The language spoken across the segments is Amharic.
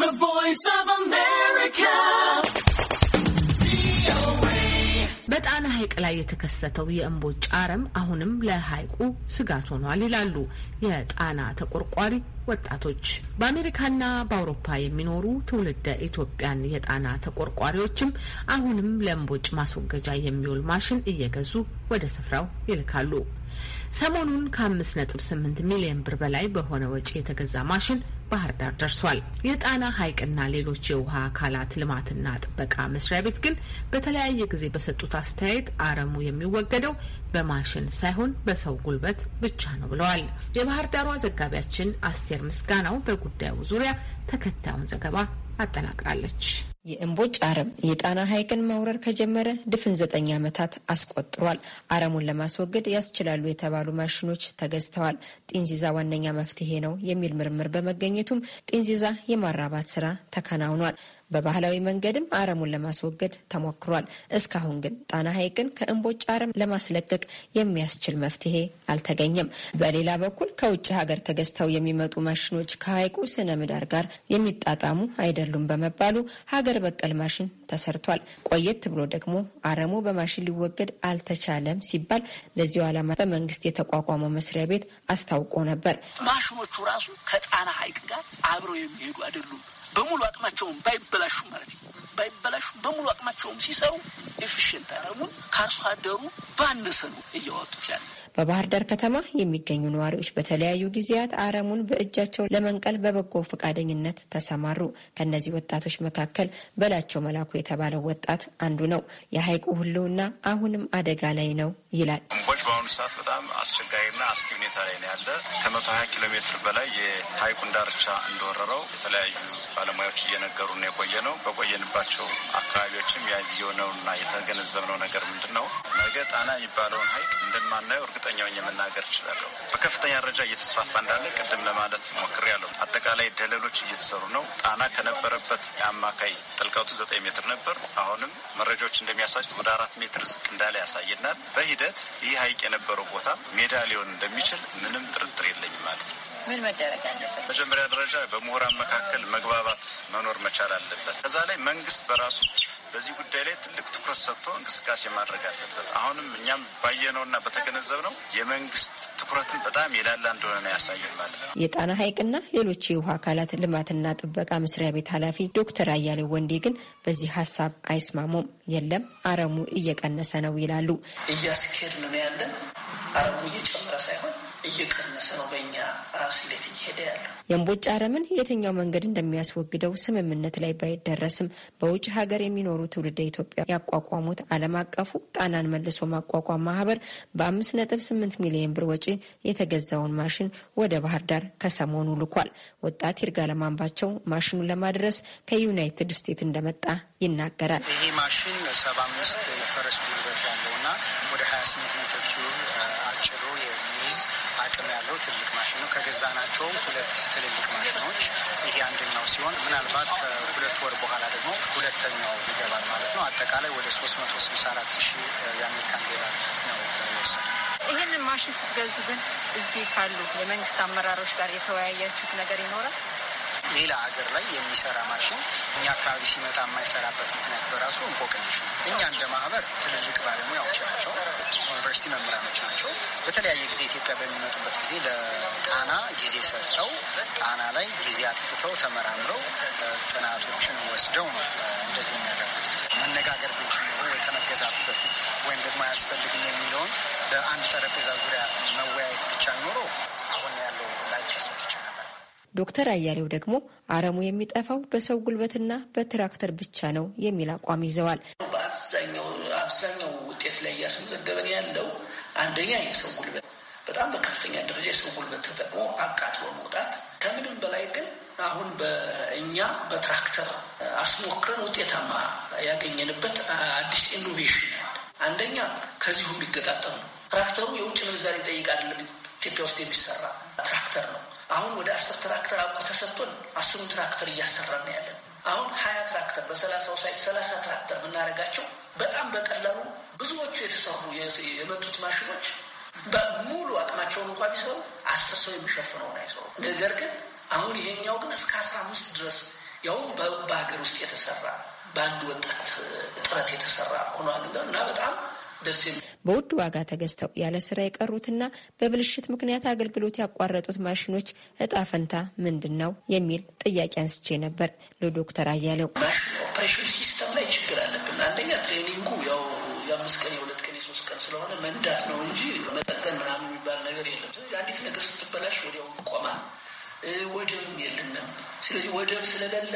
The Voice of America. በጣና ሐይቅ ላይ የተከሰተው የእምቦጭ አረም አሁንም ለሐይቁ ስጋት ሆኗል ይላሉ የጣና ተቆርቋሪ ወጣቶች። በአሜሪካና በአውሮፓ የሚኖሩ ትውልደ ኢትዮጵያን የጣና ተቆርቋሪዎችም አሁንም ለእምቦጭ ማስወገጃ የሚውል ማሽን እየገዙ ወደ ስፍራው ይልካሉ። ሰሞኑን ከአምስት ነጥብ ስምንት ሚሊዮን ብር በላይ በሆነ ወጪ የተገዛ ማሽን ባህር ዳር ደርሷል። የጣና ሐይቅና ሌሎች የውሃ አካላት ልማትና ጥበቃ መስሪያ ቤት ግን በተለያየ ጊዜ በሰጡት አስተያየት አረሙ የሚወገደው በማሽን ሳይሆን በሰው ጉልበት ብቻ ነው ብለዋል። የባህር ዳሯ ዘጋቢያችን አስቴር ምስጋናው በጉዳዩ ዙሪያ ተከታዩን ዘገባ አጠናቅራለች። የእምቦጭ አረም የጣና ሐይቅን መውረር ከጀመረ ድፍን ዘጠኝ ዓመታት አስቆጥሯል። አረሙን ለማስወገድ ያስችላሉ የተባሉ ማሽኖች ተገዝተዋል። ጢንዚዛ ዋነኛ መፍትሄ ነው የሚል ምርምር በመገኘቱም ጢንዚዛ የማራባት ስራ ተከናውኗል። በባህላዊ መንገድም አረሙን ለማስወገድ ተሞክሯል። እስካሁን ግን ጣና ሐይቅን ከእንቦጭ አረም ለማስለቀቅ የሚያስችል መፍትሄ አልተገኘም። በሌላ በኩል ከውጭ ሀገር ተገዝተው የሚመጡ ማሽኖች ከሐይቁ ስነ ምህዳር ጋር የሚጣጣሙ አይደሉም በመባሉ ሀገር በቀል ማሽን ተሰርቷል። ቆየት ብሎ ደግሞ አረሙ በማሽን ሊወገድ አልተቻለም ሲባል ለዚሁ ዓላማ በመንግስት የተቋቋመው መስሪያ ቤት አስታውቆ ነበር። ማሽኖቹ ራሱ ከጣና ሐይቅ ጋር አብረው የሚሄዱ አይደሉም። በሙሉ አቅማቸውን ባይበላሹ ማለት ነው ባይበላሹ በሙሉ አቅማቸውም ሲሰሩ ኤፊሽንት አረሙን ከአርሶ አደሩ ባነሰ ነው እያወጡት ያለ። በባህር ዳር ከተማ የሚገኙ ነዋሪዎች በተለያዩ ጊዜያት አረሙን በእጃቸው ለመንቀል በበጎ ፈቃደኝነት ተሰማሩ። ከእነዚህ ወጣቶች መካከል በላቸው መላኩ የተባለው ወጣት አንዱ ነው። የሀይቁ ህልውና አሁንም አደጋ ላይ ነው ይላል። ቦች በአሁኑ ሰዓት በጣም አስቸጋሪና አስጊ ሁኔታ ላይ ነው ያለ። ከመቶ ሀያ ኪሎ ሜትር በላይ የሀይቁን ዳርቻ እንደወረረው የተለያዩ ባለሙያዎች እየነገሩ ነው የቆየ ነው። በቆየንባቸው ባለባቸው አካባቢዎችም ያየነውና የተገነዘብነው ነገር ምንድን ነው? ነገ ጣና የሚባለውን ሀይቅ እንደማናየው እርግጠኛ መናገር እችላለሁ። በከፍተኛ ደረጃ እየተስፋፋ እንዳለ ቅድም ለማለት ሞክሬያለሁ። አጠቃላይ ደለሎች እየተሰሩ ነው። ጣና ከነበረበት የአማካይ ጥልቀቱ ዘጠኝ ሜትር ነበር። አሁንም መረጃዎች እንደሚያሳዩት ወደ አራት ሜትር ዝቅ እንዳለ ያሳየናል። በሂደት ይህ ሀይቅ የነበረው ቦታ ሜዳ ሊሆን እንደሚችል ምንም ጥርጥር የለኝም ማለት ነው። ምን መደረግ አለበት? መጀመሪያ ደረጃ በምሁራን መካከል መግባባት መኖር መቻል አለበት። ከዛ ላይ መንግስት መንግስት በራሱ በዚህ ጉዳይ ላይ ትልቅ ትኩረት ሰጥቶ እንቅስቃሴ ማድረግ አለበት። አሁንም እኛም ባየነውና በተገነዘብነው የመንግስት ትኩረትን በጣም የላላ እንደሆነ ያሳየን ማለት ነው። የጣና ሐይቅና ሌሎች የውሃ አካላት ልማትና ጥበቃ መስሪያ ቤት ኃላፊ ዶክተር አያሌው ወንዴ ግን በዚህ ሀሳብ አይስማሙም። የለም አረሙ እየቀነሰ ነው ይላሉ። እያስኬድ ነው ያለን አረሙ እየጨመረ ሳይሆን እየቀነሰ ነው በእኛ ራስ እየሄደ ያለው የእምቦጭ አረምን የትኛው መንገድ እንደሚያስወግደው ስምምነት ላይ ባይደረስም በውጭ ሀገር የሚኖሩ ትውልደ ኢትዮጵያ ያቋቋሙት ዓለም አቀፉ ጣናን መልሶ ማቋቋም ማህበር በአምስት ነጥብ ስምንት ሚሊዮን ብር ወጪ የተገዛውን ማሽን ወደ ባህር ዳር ከሰሞኑ ልኳል። ወጣት ይርጋለም ለማንባቸው ማሽኑን ለማድረስ ከዩናይትድ ስቴትስ እንደመጣ ይናገራል። ይህ ማሽን ሰባ አምስት የፈረስ ጉልበት ያለውና ወደ ሀያ ስምንት ሜትር ኪዩብ አጭሩ የሚይዝ አቅም ያለው ትልቅ ማሽን ነው። ከገዛናቸውም ሁለት ትልልቅ ማሽኖች ይሄ አንደኛው ሲሆን ምናልባት ከሁለት ወር በኋላ ደግሞ ሁለተኛው ይገባል ማለት ነው። አጠቃላይ ወደ ሶስት መቶ ስልሳ አራት ሺህ የአሜሪካን ዶላር ነው የወሰደ። ይህንን ማሽን ስትገዙ ግን እዚህ ካሉ የመንግስት አመራሮች ጋር የተወያያችሁት ነገር ይኖራል? ሌላ ሀገር ላይ የሚሰራ ማሽን እኛ አካባቢ ሲመጣ የማይሰራበት ምክንያት በራሱ እንቆቅልሽ ነው። እኛ እንደ ማህበር ትልልቅ ባለሙያዎች ናቸው፣ ዩኒቨርሲቲ መምህራኖች ናቸው። በተለያየ ጊዜ ኢትዮጵያ በሚመጡበት ጊዜ ለጣና ጊዜ ሰጥተው ጣና ላይ ጊዜ አጥፍተው ተመራምረው ጥናቶችን ወስደው ነው እንደዚህ የሚያደርጉት። መነጋገር ብንችል ወይ ከመገዛቱ በፊት ወይም ደግሞ አያስፈልግም የሚለውን በአንድ ጠረጴዛ ዙሪያ መወያየት ብቻ ኖሮ አሁን ያለው ላይከሰት ይችላል። ዶክተር አያሌው ደግሞ አረሙ የሚጠፋው በሰው ጉልበትና በትራክተር ብቻ ነው የሚል አቋም ይዘዋል። አብዛኛው ውጤት ላይ እያስመዘገበን ያለው አንደኛ የሰው ጉልበት በጣም በከፍተኛ ደረጃ የሰው ጉልበት ተጠቅሞ አቃጥሎ መውጣት፣ ከምንም በላይ ግን አሁን በእኛ በትራክተር አስሞክረን ውጤታማ ያገኘንበት አዲስ ኢኖቬሽን አንደኛ ከዚሁ የሚገጣጠም ነው። ትራክተሩ የውጭ ምንዛሪ ይጠይቃል። አይደለም። ኢትዮጵያ ውስጥ የሚሰራ ትራክተር ነው። አሁን ወደ አስር ትራክተር አውቆ ተሰጥቶን አስሩን ትራክተር እያሰራን ያለን። አሁን ሀያ ትራክተር በሰላሳው ሳይት ሰላሳ ትራክተር የምናደርጋቸው በጣም በቀላሉ ብዙዎቹ የተሰሩ የመጡት ማሽኖች በሙሉ አቅማቸውን እንኳ ቢሰሩ አስር ሰው የሚሸፍነውን አይሰሩ። ነገር ግን አሁን ይሄኛው ግን እስከ አስራ አምስት ድረስ ያውም በሀገር ውስጥ የተሰራ በአንድ ወጣት ጥረት የተሰራ ሆኗል እና በጣም በውድ ዋጋ ተገዝተው ያለ ስራ የቀሩትና በብልሽት ምክንያት አገልግሎት ያቋረጡት ማሽኖች እጣ ፈንታ ምንድን ነው የሚል ጥያቄ አንስቼ ነበር ለዶክተር አያሌው። ማሽን ኦፕሬሽን ሲስተም ላይ ችግር አለብን። አንደኛ ትሬኒንጉ ያው የአምስት ቀን የሁለት ቀን የሶስት ቀን ስለሆነ መንዳት ነው እንጂ መጠቀም ምናምን የሚባል ነገር የለም። ስለዚህ አንዲት ነገር ስትበላሽ ወዲያው ይቆማል። ወደብም የለንም። ስለዚህ ወደብ ስለሌለ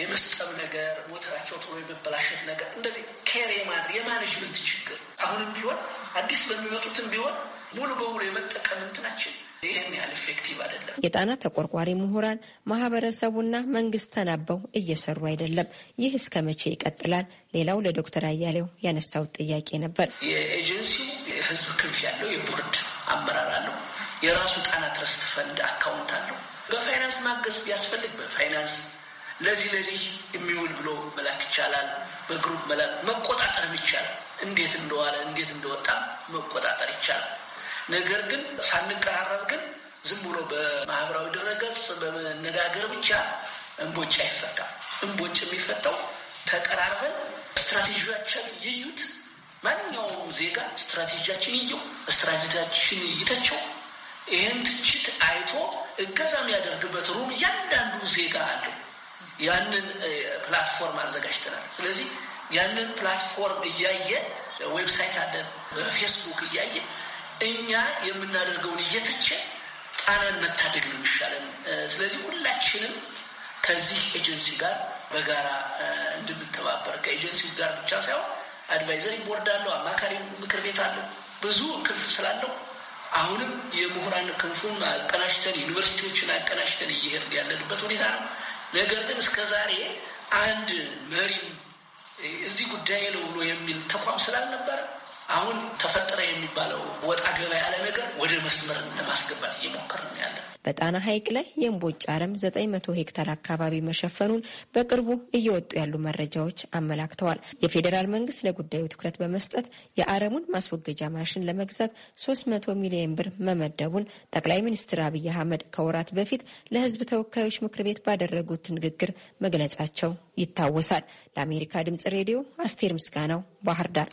የመስጠም ነገር፣ ሞተራቸው ቶሎ የመበላሸት ነገር፣ እንደዚህ ኬር የማድረግ የማኔጅመንት ችግር አሁንም ቢሆን አዲስ በሚመጡትም ቢሆን ሙሉ በሙሉ የመጠቀም እንትናችን ይህን ያህል ኢፌክቲቭ አይደለም። የጣና ተቆርቋሪ ምሁራን ማህበረሰቡና መንግስት ተናበው እየሰሩ አይደለም። ይህ እስከ መቼ ይቀጥላል? ሌላው ለዶክተር አያሌው ያነሳው ጥያቄ ነበር። የኤጀንሲው የህዝብ ክንፍ ያለው የቦርድ አመራር አለው። የራሱ ጣና ትረስት ፈንድ አካውንት አለው። በፋይናንስ ማገዝ ቢያስፈልግ በፋይናንስ ለዚህ ለዚህ የሚውል ብሎ መላክ ይቻላል። በግሩፕ መላክ መቆጣጠርም ይቻላል። እንዴት እንደዋለ እንዴት እንደወጣ መቆጣጠር ይቻላል። ነገር ግን ሳንቀራረብ ግን ዝም ብሎ በማህበራዊ ድረገጽ በመነጋገር ብቻ እንቦጭ አይፈታም። እንቦጭ የሚፈታው ተቀራርበን ስትራቴጂያችን ይዩት። ማንኛውም ዜጋ ስትራቴጂያችን ይየው፣ ስትራቴጂያችን ይተቸው። ይህን ትችት አይቶ እገዛ የሚያደርግበት ሩም እያንዳንዱ ዜጋ አለው። ያንን ፕላትፎርም አዘጋጅተናል። ስለዚህ ያንን ፕላትፎርም እያየ ዌብሳይት አለን፣ ፌስቡክ እያየ እኛ የምናደርገውን እየተቸ ጣናን መታደግ ነው የሚሻለን። ስለዚህ ሁላችንም ከዚህ ኤጀንሲ ጋር በጋራ እንድንተባበር ከኤጀንሲ ጋር ብቻ ሳይሆን አድቫይዘሪ ቦርድ አለው፣ አማካሪ ምክር ቤት አለው፣ ብዙ ክንፍ ስላለው አሁንም የምሁራን ክንፉን አቀናሽተን ዩኒቨርሲቲዎችን አቀናሽተን እየሄድ ያለንበት ሁኔታ ነው። ነገር ግን እስከ ዛሬ አንድ መሪም እዚህ ጉዳይ ለውሎ የሚል ተቋም ስላልነበረ አሁን ተፈጠረ የሚባለው ወጣ ገባ ያለ ነገር ወደ መስመር ለማስገባት እየሞከር ነው ያለ። በጣና ሐይቅ ላይ የእምቦጭ አረም ዘጠኝ መቶ ሄክታር አካባቢ መሸፈኑን በቅርቡ እየወጡ ያሉ መረጃዎች አመላክተዋል። የፌዴራል መንግስት ለጉዳዩ ትኩረት በመስጠት የአረሙን ማስወገጃ ማሽን ለመግዛት ሶስት መቶ ሚሊዮን ብር መመደቡን ጠቅላይ ሚኒስትር አብይ አህመድ ከወራት በፊት ለህዝብ ተወካዮች ምክር ቤት ባደረጉት ንግግር መግለጻቸው ይታወሳል። ለአሜሪካ ድምጽ ሬዲዮ አስቴር ምስጋናው ባህር ዳር